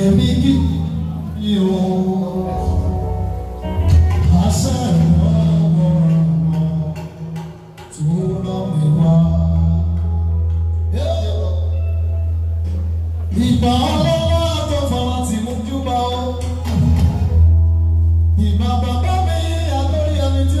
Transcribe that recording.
èmi kí ni o àṣà ìrànwọ́ ọ̀rọ̀ tó lọ́ mi wá. ìgbà ọlọ́wọ́ tó fara tì mú júbà o ìgbà bàbá mi àtọ́rí ẹni tí